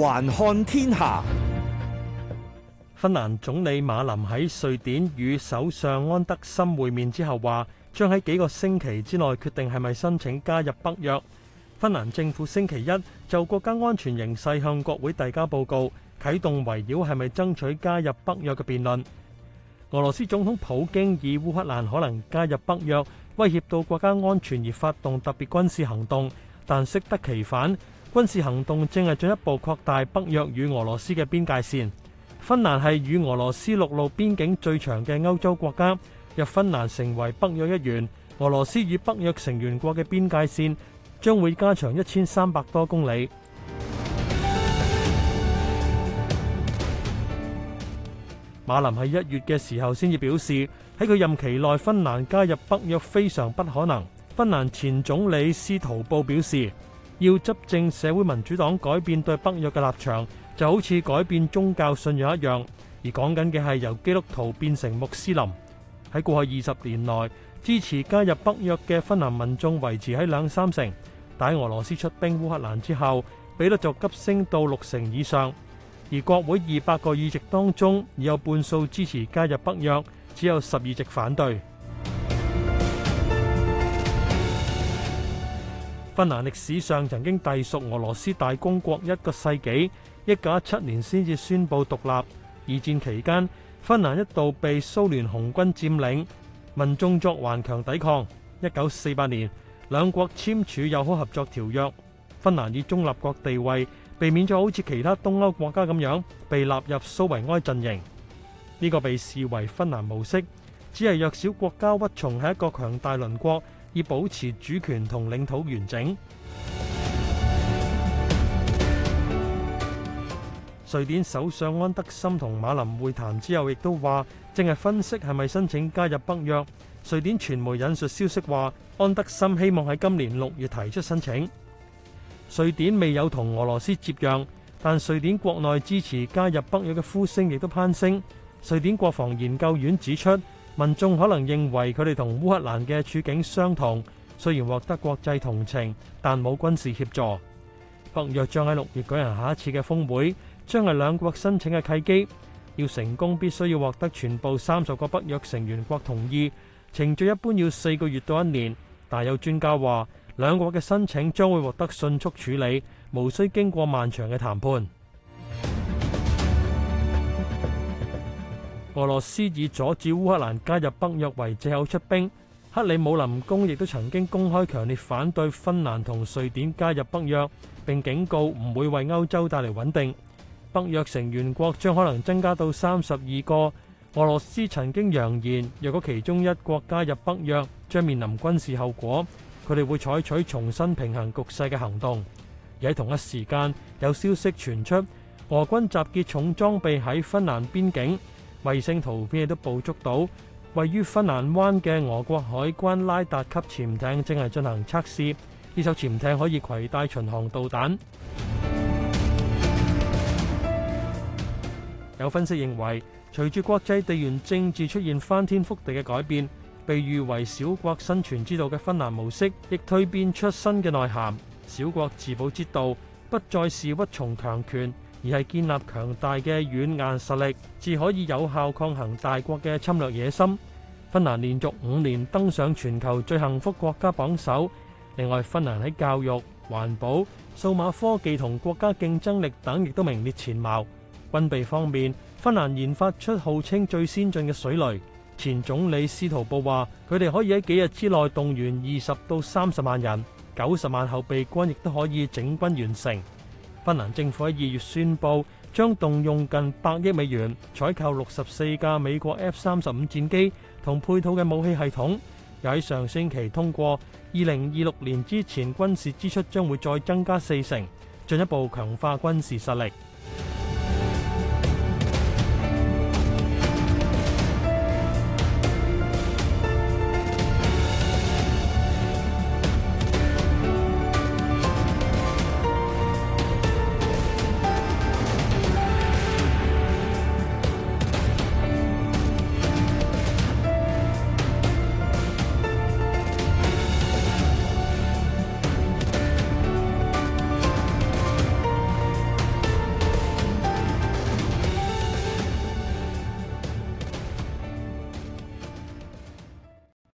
環看天下，芬蘭總理馬林喺瑞典與首相安德森會面之後，話將喺幾個星期之內決定係咪申請加入北約。芬蘭政府星期一就國家安全形勢向國會遞交報告，啟動圍繞係咪爭取加入北約嘅辯論。俄羅斯總統普京以烏克蘭可能加入北約威脅到國家安全而發動特別軍事行動，但適得其反。軍事行動正係進一步擴大北約與俄羅斯嘅邊界線。芬蘭係與俄羅斯陸路邊境最長嘅歐洲國家。若芬蘭成為北約一員，俄羅斯與北約成員國嘅邊界線將會加長一千三百多公里。馬林喺一月嘅時候先至表示，喺佢任期內，芬蘭加入北約非常不可能。芬蘭前總理司徒布表示。要執政社會民主黨改變對北約嘅立場，就好似改變宗教信仰一樣。而講緊嘅係由基督徒變成穆斯林。喺過去二十年內，支持加入北約嘅芬蘭民眾維持喺兩三成，但喺俄羅斯出兵烏克蘭之後，比率就急升到六成以上。而國會二百個議席當中，已有半數支持加入北約，只有十二席反對。芬蘭歷史上曾經隸屬俄羅斯大公國一個世紀，一九一七年先至宣布獨立。二戰期間，芬蘭一度被蘇聯紅軍佔領，民眾作頑強抵抗。一九四八年，兩國簽署友好合作條約，芬蘭以中立國地位避免咗好似其他東歐國家咁樣被納入蘇維埃陣營。呢個被視為芬蘭模式，只係弱小國家屈從喺一個強大鄰國。以保持主權同領土完整。瑞典首相安德森同馬林會談之後，亦都話正係分析係咪申請加入北約。瑞典傳媒引述消息話，安德森希望喺今年六月提出申請。瑞典未有同俄羅斯接壤，但瑞典國內支持加入北約嘅呼聲亦都攀升。瑞典國防研究院指出。民眾可能認為佢哋同烏克蘭嘅處境相同，雖然獲得國際同情，但冇軍事協助。北約將喺六月舉行下一次嘅峰會，將係兩國申請嘅契機。要成功必須要獲得全部三十個北約成員國同意，程序一般要四個月到一年。但有專家話，兩國嘅申請將會獲得迅速處理，無需經過漫長嘅談判。俄羅斯以阻止烏克蘭加入北約為借口出兵，克里姆林宮亦都曾經公開強烈反對芬蘭同瑞典加入北約，並警告唔會為歐洲帶嚟穩定。北約成員國將可能增加到三十二個。俄羅斯曾經揚言，若果其中一國加入北約，將面臨軍事後果，佢哋會採取重新平衡局勢嘅行動。而喺同一時間，有消息傳出，俄軍集結重裝備喺芬蘭邊境。衛星圖片亦都捕捉到位於芬蘭灣嘅俄國海軍拉達級潛艇正係進行測試。呢艘潛艇可以攜帶巡航導彈。有分析認為，隨住國際地緣政治出現翻天覆地嘅改變，被譽為小國生存之道嘅芬蘭模式，亦蛻變出新嘅內涵。小國自保之道，不再是屈從強權。而係建立強大嘅軟硬實力，至可以有效抗衡大國嘅侵略野心。芬蘭連續五年登上全球最幸福國家榜首。另外，芬蘭喺教育、環保、數碼科技同國家競爭力等，亦都名列前茅。軍備方面，芬蘭研發出號稱最先進嘅水雷。前總理司徒布話：佢哋可以喺幾日之內動員二十到三十萬人，九十萬後備軍亦都可以整軍完成。芬蘭政府喺二月宣布，將動用近百億美元採購六十四架美國 F 三十五戰機同配套嘅武器系統，又喺上星期通過，二零二六年之前軍事支出將會再增加四成，進一步強化軍事實力。